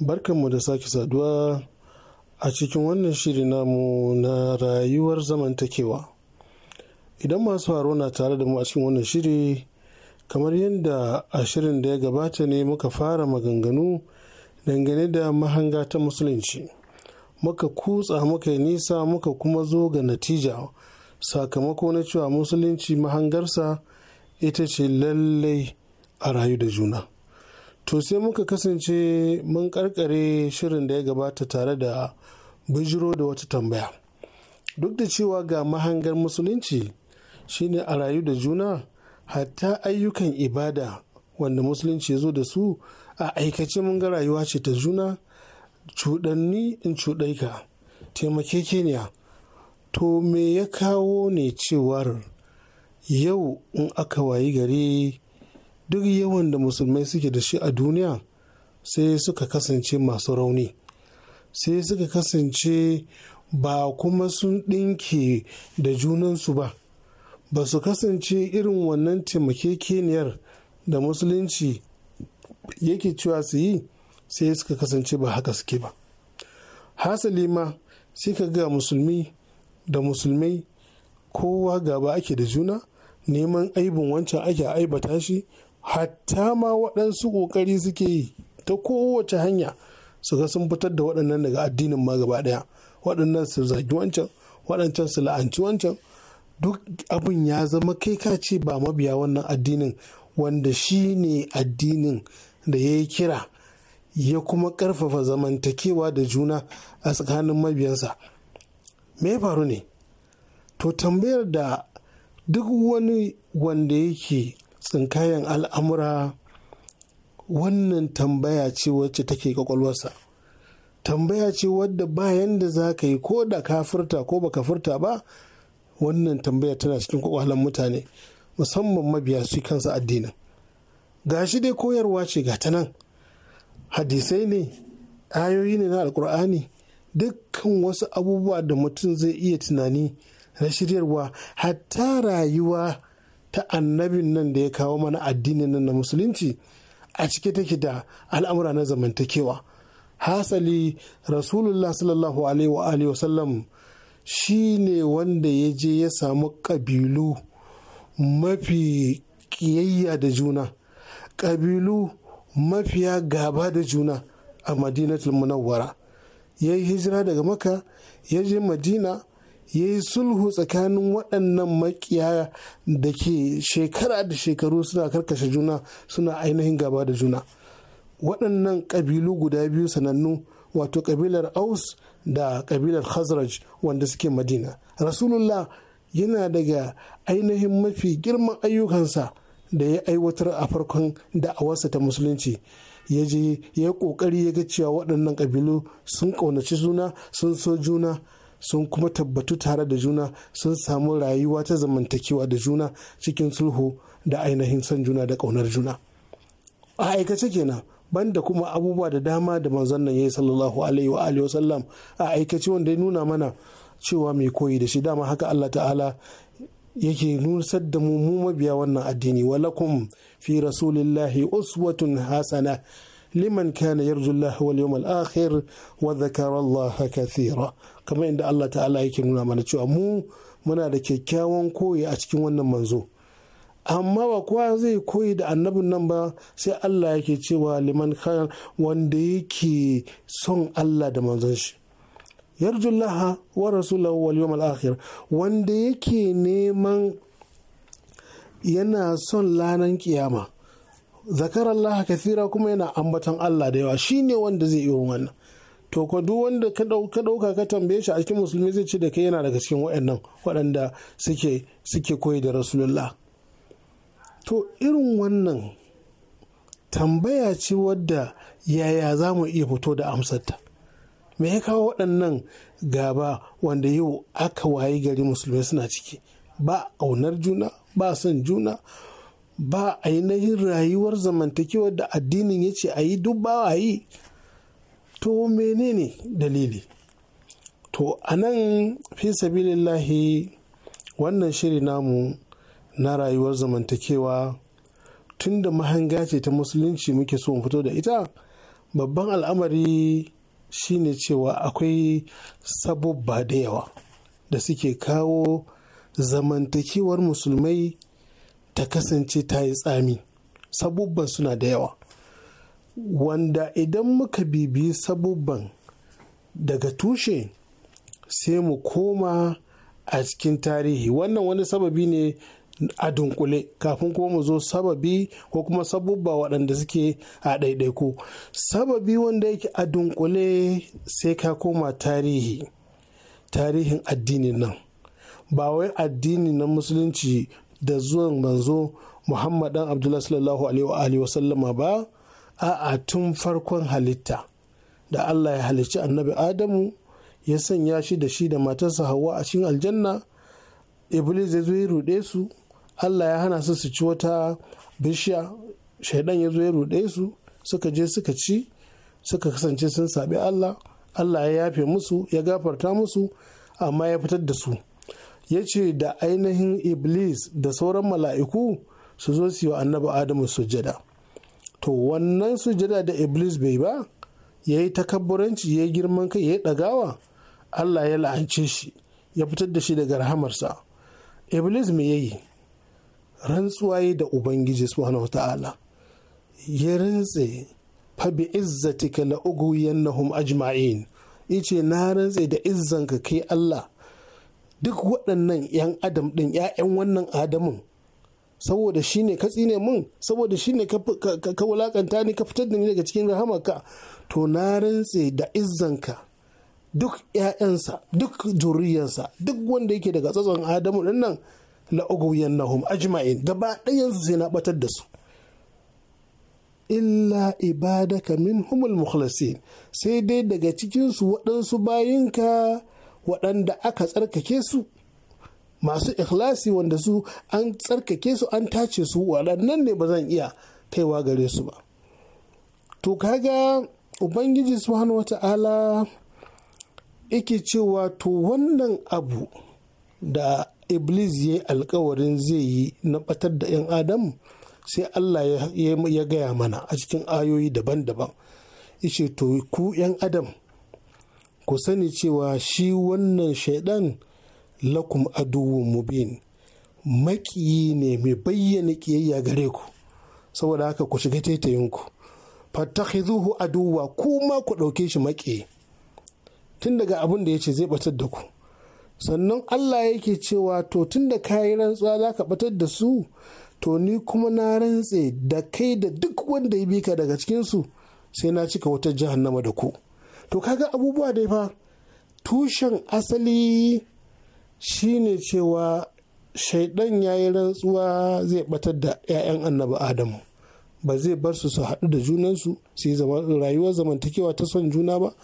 barkanmu da sake saduwa a cikin wannan shiri namu na rayuwar zamantakewa idan masu sauraro na tare da mu a cikin wannan shiri kamar yadda a shirin da ya gabata ne muka fara maganganu dangane da mahanga ta musulunci muka kutsa muka yi nisa muka kuma zo ga natija sakamako na cewa musulunci mahangarsa ita ce lallai a rayu da juna to sai muka kasance mun karkare shirin da ya gabata tare da bijiro da wata tambaya duk da cewa ga mahangar musulunci shine a rayu da juna hatta ayyukan ibada wanda musulunci ya zo da su a aikace mun ga rayuwa ce ta juna cuɗanni in cuɗai ka taimakekeniya to me ya kawo ne cewar yau in aka wayi gare duk yawan da musulmai suke da shi a duniya sai suka kasance masu rauni sai suka kasance ba kuma sun ɗinke da junansu ba ba su kasance irin wannan taimakekeniyar da musulunci yake cewa su yi sai suka kasance ba haka suke ba hasali ma sai ka ga musulmi da musulmai kowa gaba ake da juna neman aibin wancan ake aibata shi hatta ma waɗansu ƙoƙari suke yi ta kowace hanya su ga sun fitar da waɗannan daga addinin ma gaba ɗaya waɗannan su zagi wancan waɗancan su la'anci wancan duk abin ya zama kai ka ce ba mabiya wannan addinin wanda shi ne addinin da ya yi kira ya kuma ƙarfafa zamantakewa da juna a tsakanin mabiyansa me faru ne to tambayar da duk wani wanda yake tsinkayen al'amura wannan tambaya ce wacce take kwakwalwarsa tambaya ce wadda bayan da za ka yi ko da ka furta ko baka furta ba wannan tambaya tana cikin kwakwalan mutane musamman mabiya su kansa addinin Ga shi dai koyarwa ce ga ta nan hadisai ne ayoyi ne na alkur'ani dukkan wasu abubuwa da mutum zai iya tunani na shiryarwa hatta rayuwa ta annabin nan da ya kawo mana addinin nan na musulunci a cike take da al'amura na zamantakewa hasali rasulullah sallallahu alaihi wa sallam shi ne wanda ya je ya samu ƙabilu mafi ƙiyayya da juna ƙabilu mafiya gaba da juna a madinatul munawwara ya yi hijira daga maka ya je madina ya yi sulhu tsakanin waɗannan maƙiya da ke shekara da shekaru suna karkashe juna suna ainihin gaba da juna waɗannan ƙabilu guda biyu sanannu wato ƙabilar aus da kabilar khazraj wanda suke madina rasulullah yana daga ainihin mafi girman ayyukansa da ya aiwatar a farkon da'awarsa ta musulunci ya je ya yi kokari ya ga cewa waɗannan ƙabilu sun ƙaunaci juna sun so juna sun kuma tabbatu tare da juna sun samu rayuwa ta zamantakewa da juna cikin sulhu da ainihin son juna da ƙaunar juna a aikace kenan banda kuma abubuwa da dama da manzon nan yayi sallallahu alaihi wa alihi wasallam a aikace wanda ya nuna mana cewa mai koyi da shi dama haka Allah ta'ala yake nusar da mu mu mabiya wannan addini walakum fi rasulillahi uswatun hasana liman kana yarju Allah wal yawmal akhir wa dhakara Allah kathira kamar inda Allah ta'ala yake nuna mana cewa mu muna da kyakkyawan koyi a cikin wannan manzo amma ba kowa zai koyi da annabin nan ba sai Allah yake cewa liman kayan wanda yake son Allah da manzon shi yarjullaha wa rasulahu wal yawmal akhir wanda yake neman yana son lanan kiyama zakar Allah kathira kuma yana ambaton Allah da yawa shine wanda zai yi wannan to wanda ka dauka ka tambaye shi a cikin musulmi zai ce da kai yana daga cikin waɗannan waɗanda suke suke koyi da rasulullah to irin wannan tambaya ce wadda yaya za mu iya fito da amsarta me ya kawo waɗannan gaba wanda yau aka wayi gari musulmai suna ciki ba aunar juna ba son juna ba a yi nahin rayuwar zamantakewar da addinin ya ce a yi duk ba a yi to menene dalili to a nan fi sabilillahi wannan shiri namu na rayuwar zamantakewa tunda mahanga ce ta musulunci muke so mu fito da ita babban al'amari shine cewa akwai sababba da yawa da suke kawo zamantakewar musulmai ta kasance ta yi tsami sabubban suna da yawa wanda idan muka bibiyi sabubban daga tushe sai mu koma a cikin tarihi wannan wani sababi ne a dunkule kafin kuma mu zo sababi ko kuma sabubba waɗanda suke a ɗaiɗaiku sababi wanda yake a dunkule sai ka koma tarihi tarihin addinin nan ba wai addini na musulunci da zuwan manzo muhammadan abdullahi sallallahu alaihi wasallama ba a'a tun farkon halitta da allah ya halicci annabi adamu ya sanya shi da shi da matarsa hawa a cikin aljanna iblis zai zo ya ruɗe su allah ya hana su su ci wata bishiya shaidan ya zo ya ruɗe su suka je suka ci suka kasance sun saɓi allah allah ya yafe musu ya gafarta musu amma ya fitar da su ya ce da ainihin iblis da sauran mala'iku su zo su yi wa annabi adamu sujada to wannan sujada da iblis bai ba ya yi takabburanci ya yi girman kai ya yi ɗagawa allah ya la'ance shi ya fitar da shi daga rahamarsa iblis me yayi rantsuwaye da ubangiji subhanahu wa ta'ala ya rantse fa bi izzatika la ugwiyannahum ajma'in yace na rantse da izzanka kai Allah duk waɗannan 'yan adam ɗin 'ya'yan wannan adamun saboda shi ne ka tsine min saboda shi ne ka wulakanta ni ka fitar da ni daga cikin ka? to na rantse da izzanka duk 'ya'yansa duk juriyarsa duk wanda yake daga tsatson adamu ɗin nan la'ugwiyannahum ajma'in gaba su sai na batar da su illa ibadaka humul mukhlasin sai dai daga cikin su waɗansu bayinka waɗanda aka tsarkake su masu ikhlasi wanda su an tsarkake su an tace su waɗannan ne ba zan iya kaiwa gare su ba to kaga ubangiji subhanahu wata'ala yake cewa to wannan abu da iblis ya yi alkawarin zai yi na batar da 'yan adam sai allah ya gaya mana a cikin ayoyi daban-daban ishe to ku 'yan adam ku sani cewa shi wannan shaidan lakum aduwwun mubin makiyi ne mai bayyana kiyayya gare ku saboda haka ku shiga taitayinku fattakhidhuhu aduwa kuma ku ɗauke shi maƙiyi tun daga abin da ya ce zai batar da ku sannan Allah yake cewa to tunda da kayi rantsuwa za ka batar da su to ni kuma na rantse da kai da duk wanda ya bi ka daga cikinsu sai na cika wata jahannama da ku to kaga abubuwa dai fa tushen asali shine cewa shaidan ya yi rantsuwa zai batar da 'ya'yan annabi adamu ba zai bar su su haɗu da junansu su yi rayuwar zamantakewa ta son juna ba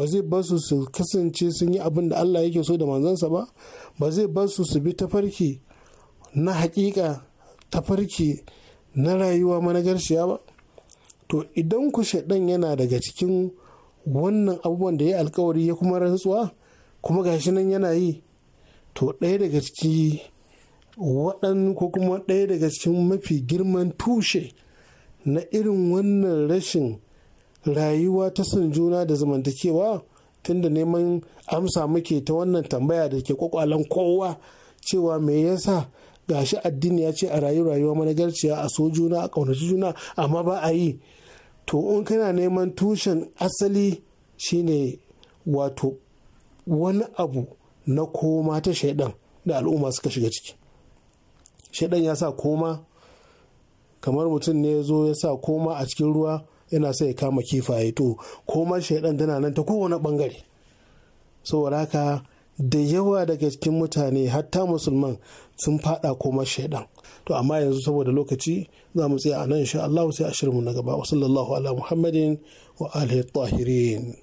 ba zai bar su su kasance sun yi abin da Allah yake so da manzansa ba ba zai bar su su bi tafarki na hakika tafarki na rayuwa managarciya ba to idan ku shaɗan yana daga cikin wannan abubuwan da ya alkawari ya kuma rantsuwa kuma gashi nan yana yi to ɗaya daga ciki waɗan ko kuma ɗaya daga cikin mafi girman tushe na irin wannan rashin rayuwa ta son juna da zamantakewa tunda neman amsa muke ta wannan tambaya da ke kwakwalan kowa cewa me yasa gashi addini ya ce a rayu rayuwa managarciya a so juna a ƙaunaci juna amma ba a yi to in kana neman tushen asali shine wato wani abu na koma ta shaidan da al'umma suka shiga ciki shaidan ya sa koma kamar mutum ne ya zo ya sa koma a cikin ruwa yana sai ya kama kifaye to ma shaidan tana nan ta kowane bangare saboda haka da yawa daga cikin mutane hatta musulman sun fada koma shaidan to amma yanzu saboda lokaci za mu tsaya a nan insha Allah sai a shirmu na gaba wa sallallahu ala muhammadin wa alihi tahirin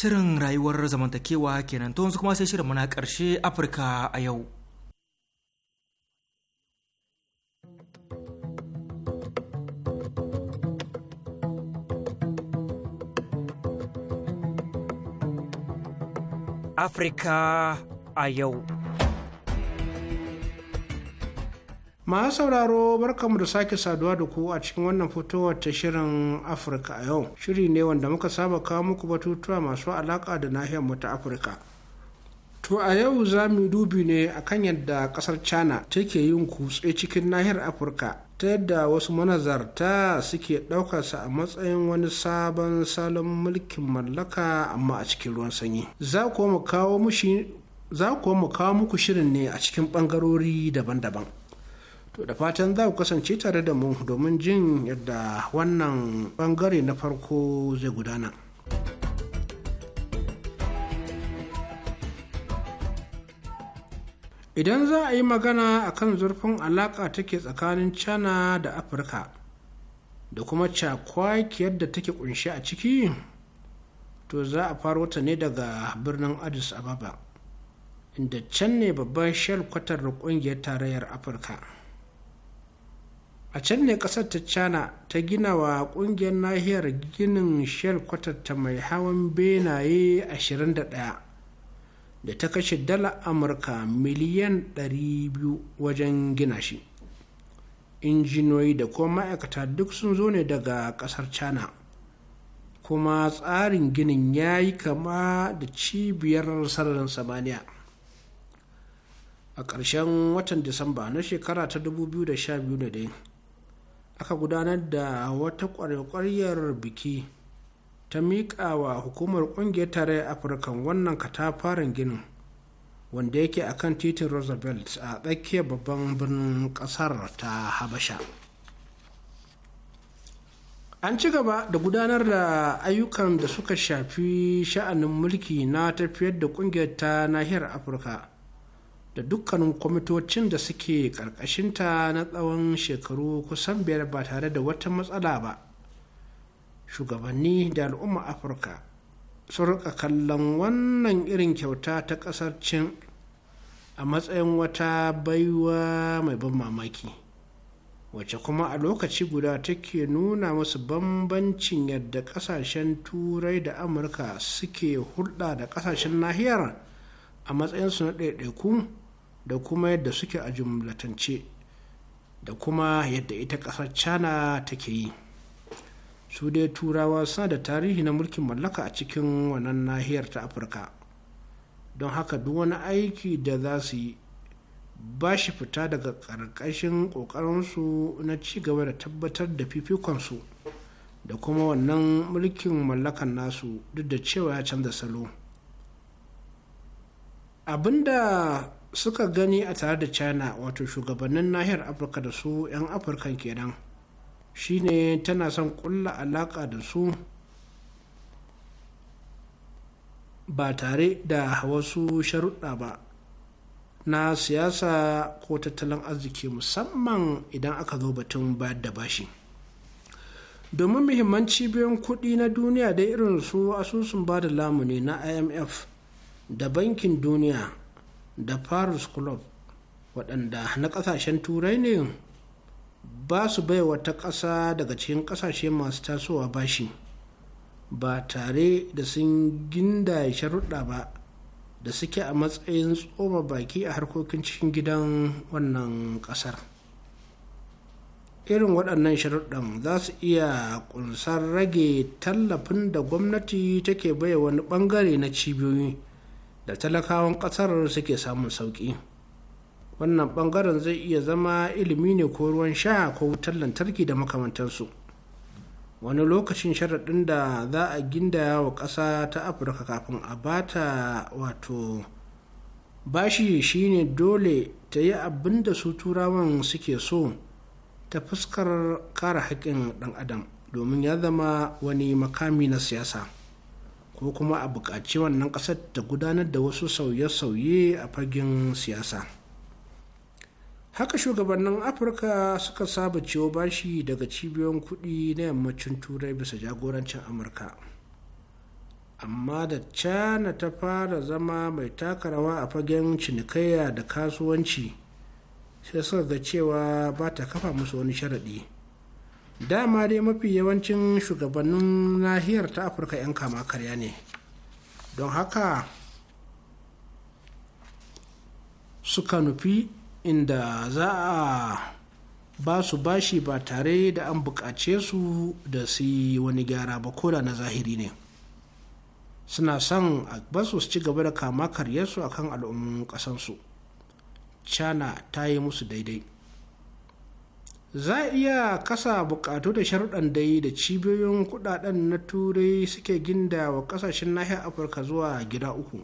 Shirin rayuwar zamantakewa kenan to yanzu kuma sai shirin muna karshe Afirka a yau. Afirka a yau. masu sauraro barkamu da sake saduwa da ku a cikin wannan fitowar ta shirin afirka a yau shiri ne wanda muka saba kawo muku batutuwa masu alaka da nahiyar mu ta afirka to a yau za mu dubi ne akan yadda kasar china take yin kutse cikin nahiyar afirka ta yadda wasu manazarta suke ɗaukarsa a matsayin wani sabon salon mulkin mallaka amma a cikin ruwan sanyi za kuwa mu kawo muku shirin ne a cikin ɓangarori daban-daban To da fatan za ku kasance tare da mu domin jin yadda wannan bangare na farko zai gudana. Idan za a yi magana a kan zurfin alaƙa take tsakanin China da Afirka da kuma cakwakiyar da take kunshi a ciki, to za a faro ta ne daga birnin Addis Ababa, inda can ne babban shelkwatar ƙungiyar tarayyar Afirka. a can ne kasar ta china ta gina wa kungiyar nahiyar ginin shell ta mai hawan benaye 21 da ta kashe dala amurka miliyan 200 wajen gina shi injiniyoyi da kuma ma'aikata duk sun zo ne daga kasar china kuma tsarin ginin ya yi kama da cibiyar sararin samaniya a ƙarshen watan disamba na shekara ta 2012 ne dai aka gudanar da wata kwarkwaryar biki ta miƙa wa hukumar ƙungiyar a afirka wannan katafaren ginin wanda yake a kan titin roosevelt a tsakiyar babban birnin ƙasar ta habasha an ci gaba da gudanar da ayyukan da suka shafi sha'anin mulki na tafiyar da ƙungiyar ta nahiyar afirka da dukkanin kwamitocin da suke ƙarƙashinta na tsawon shekaru kusan biyar ba tare da wata matsala ba shugabanni da al'umma afirka sun rika kallon wannan irin kyauta ta ƙasar cin a matsayin wata baiwa mai ban mamaki wacce kuma a lokaci guda take nuna masu bambancin yadda ƙasashen turai da amurka suke hulɗa da ƙasashen nahiyar a matsayinsu na ɗaiɗaiku da kuma yadda suke a jumlatance da kuma yadda ita ƙasar china take yi su dai turawa suna da tarihi na mulkin mallaka a cikin wannan nahiyar ta afirka don haka duk wani aiki da za su yi ba shi fita daga ƙarƙashin ƙoƙarinsu na ci gaba da tabbatar da fifikonsu da kuma wannan mulkin mallakan nasu duk da cewa ya canza salo abinda suka gani a tare da china wato shugabannin nahiyar afirka da su 'yan afirka kenan shine tana son kulla alaka da su ba tare da wasu sharuɗa ba na siyasa ko tattalin arziki musamman idan aka zo batun bayar da bashi domin muhimmanci cibiyoyin kuɗi na duniya da irin su asusun ba da lamuni na imf da bankin duniya da paris club waɗanda na ƙasashen turai ne ba su bai wata ƙasa daga cikin ƙasashe masu tasowa bashi ba tare da sun ginda sharuɗa ba da suke a matsayin tsoma baki a harkokin cikin gidan wannan ƙasar irin waɗannan sharuɗan za su iya ƙunsar rage tallafin da gwamnati take bai wani ɓangare na cibiyoyi da talakawan ƙasar suke samun sauƙi wannan ɓangaren zai iya zama ilimi ne ko ruwan sha ko wutar lantarki da makamantansu wani lokacin sharaɗin da za a ginda wa ƙasa ta afirka kafin a bata wato bashi shine dole ta yi abin da su turawan suke so ta fuskar kare haƙƙin ɗan adam domin ya zama wani makami na siyasa ko kuma a buƙaci wannan ƙasar ta gudanar da wasu sauye-sauye a fagen siyasa haka shugabannin afirka suka saba ciwo bashi daga cibiyoyin kuɗi na yammacin turai bisa jagorancin amurka amma da cana ta fara zama mai taka rawa a fagen cinikayya da kasuwanci sai suka ga cewa ba ta kafa musu wani sharaɗi dama dai mafi yawancin shugabannin nahiyar ta afirka 'yan kama karya ne don haka suka nufi inda za a ba su bashi ba tare da an buƙace su da su yi wani gyara ba ko da na zahiri ne suna son a basu su ci gaba da kama karyarsu akan al'ummin ƙasansu china ta yi musu daidai za a iya kasa bukatu da sharuɗan dai da cibiyoyin kudaden na turai suke ginda wa kasashen nahiyar afirka zuwa gida uku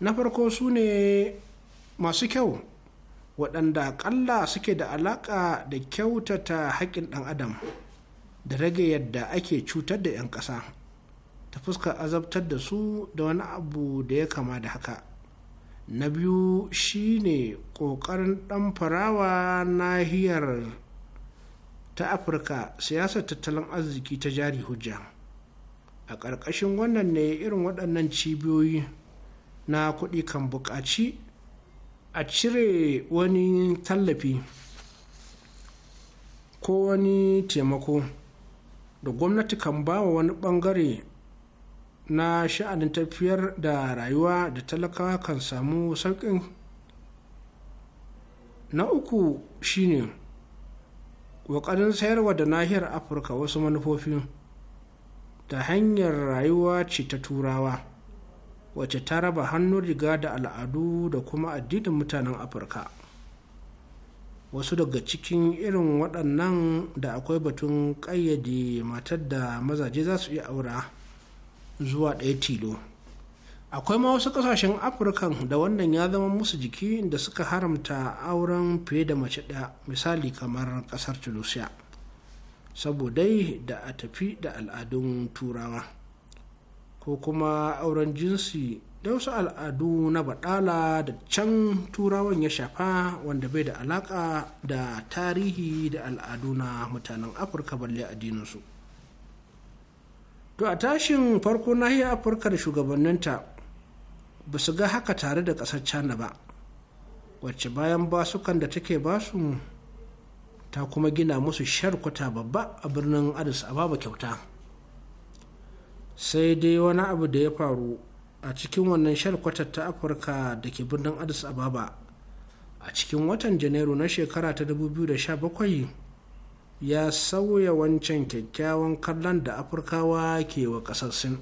na farko su ne masu kyau waɗanda ƙalla suke da alaƙa da kyautata haƙƙin ɗan adam da rage yadda ake cutar da 'yan ƙasa ta fuskar azabtar da su da wani abu da ya kama da haka na biyu shine ƙoƙarin farawa nahiyar ta afirka siyasar tattalin arziki ta jari hujja a ƙarƙashin wannan ne irin waɗannan cibiyoyi na kuɗi kan buƙaci a cire wani tallafi ko wani taimako da gwamnati kan ba wa wani ɓangare na sha'anin tafiyar da rayuwa da talakawa kan samu sauƙin na uku shine ƙoƙarin sayarwa da nahiyar afirka wasu manufofi ta hanyar rayuwa ce ta turawa wacce ta raba hannun riga da al'adu da kuma addinin mutanen afirka wasu daga cikin irin waɗannan da akwai batun ƙayyade matar da mazaje za su iya aura zuwa ɗaya tilo akwai ma wasu ƙasashen afirkan da wannan ya zama musu jiki da suka haramta auren fiye da mace ɗaya misali kamar ƙasar tunisia saboda da a tafi da al'adun turawa ko kuma auren jinsi da wasu al'adu na baɗala da can turawan ya shafa wanda bai da alaƙa da tarihi da al'adu na mutanen afirka balle addininsu to a tashin farko nahiyar afirka da shugabanninta ba su ga haka tare da ƙasar china ba wacce bayan basukan da take basu ta kuma gina musu sharkuta babba a birnin addis ababa kyauta sai dai wani abu da ya faru a cikin wannan sharkwatar ta afirka da ke birnin addis ababa a cikin watan janairu na shekara ta 2017 ya sauya wancan kyakkyawan kallon da afirkawa ke wa ƙasar sin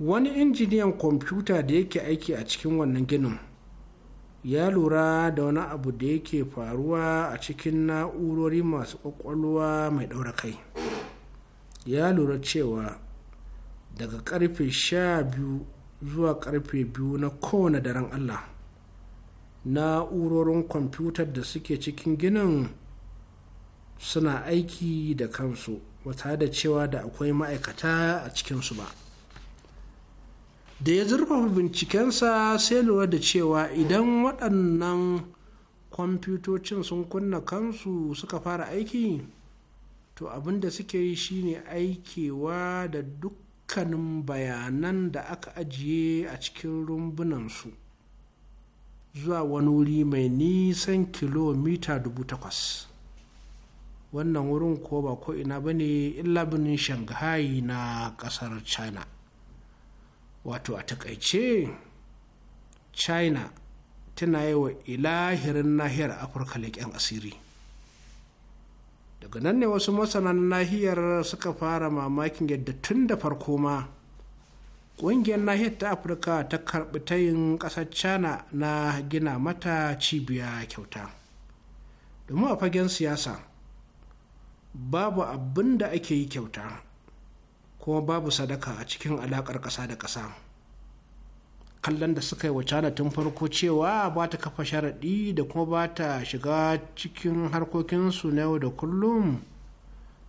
wani injiniyan kwamfuta da yake aiki a cikin wannan ginin ya lura da wani abu da yake faruwa a cikin na'urori masu ƙwaƙwalwa mai ɗaura kai ya lura cewa daga ƙarfe sha biyu zuwa karfe biyu na kowane daren allah na'urorin kwamfutar da suke cikin ginin suna aiki da kansu ba tare da cewa da akwai ma'aikata a cikinsu ba da ya zurfafa bincikensa sai lura da cewa idan waɗannan kwamfutocin sun kunna kansu suka fara aiki to abin da suke yi shine aikewa da dukkanin bayanan da aka ajiye a cikin rumbunansu zuwa wani wuri mai nisan kilomita dubu takwas wannan wurin ko ba ko ina ba ne illa birnin shanghai na kasar china wato a takaice china tana yi wa ilahirin nahiyar afirka leƙen asiri daga nan ne wasu masanan nahiyar suka fara mamakin yadda tun da farko ma ƙungiyar nahiyar ta afirka ta karɓi ta yin ƙasar china na gina mata cibiya kyauta domin a fagen siyasa babu abin da ake yi kyauta kuma babu sadaka a cikin alaƙar ƙasa da ƙasa kallon da suka yi wa cana tun farko cewa ba ta kafa sharaɗi da kuma ba ta shiga cikin harkokinsu na yau da kullum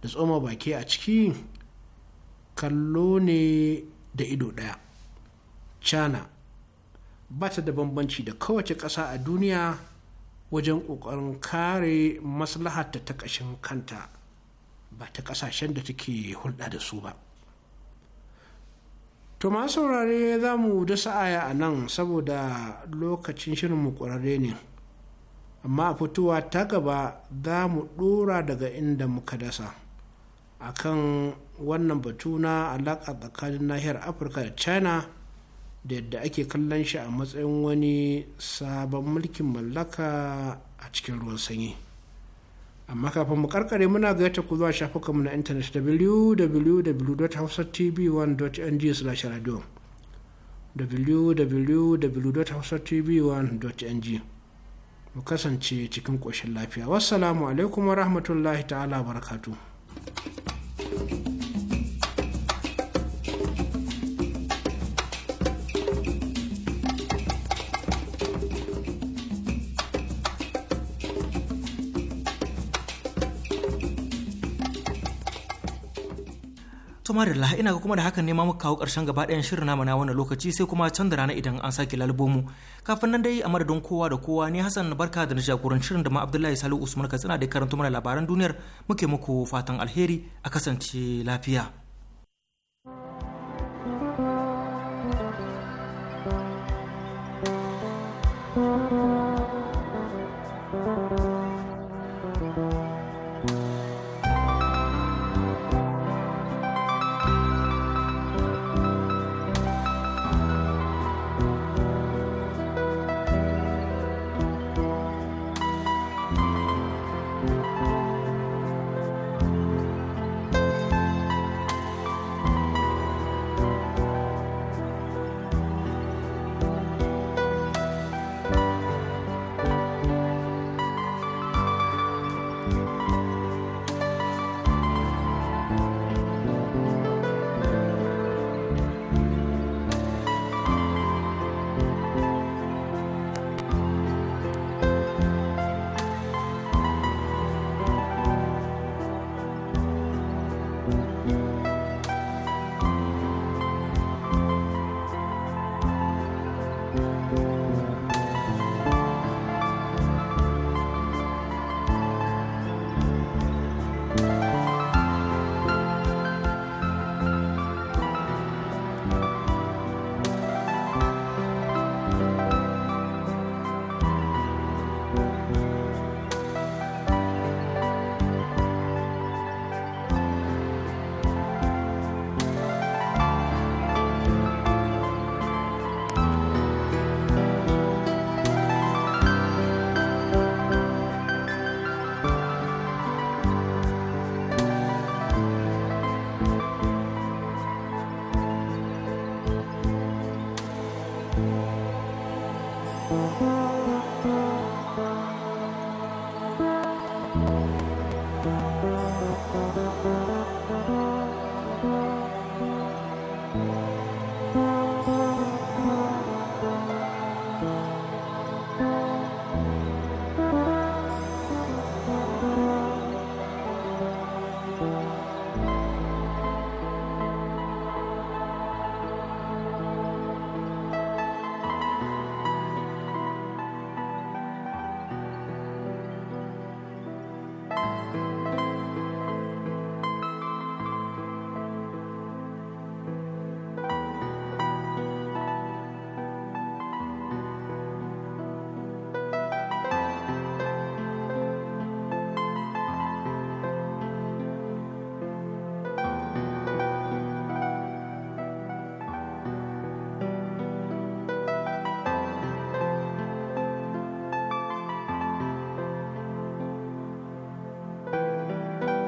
da tsoma baki a ciki kallo ne da ido ɗaya cana ba ta da bambanci da kowace ƙasa a duniya wajen ƙoƙarin kare maslahata ta ƙashin kanta ba ta kasashen da take hulɗa da su ba to ma saurare za mu dasa aya a nan saboda lokacin shirin mu ƙwararre ne amma a fitowa ta gaba za mu ɗora daga inda muka dasa a kan wannan batu na alaƙa tsakanin nahiyar afirka da china da yadda ake kallon shi a matsayin wani sabon mulkin mallaka a cikin ruwan sanyi. amma kafin mu karkare muna gayyata ku zuwa shafukanmu na intanet www.hausatv1.ng/radio www.hausatv1.ng mu kasance cikin ƙoshin lafiya wassalamu alaikum wa rahmatullahi ta'ala barakatu. to ina ga kuma da hakan ne ma muka kawo karshen gaba ɗayan shirin namu na wannan lokaci sai kuma canza rana idan an sake lalubo mu kafin nan dai a madadin kowa da kowa ne Hassan barka da na shirin da ma Abdullahi Salihu Usman Katsina da karanto mana labaran duniyar muke muku fatan alheri a kasance lafiya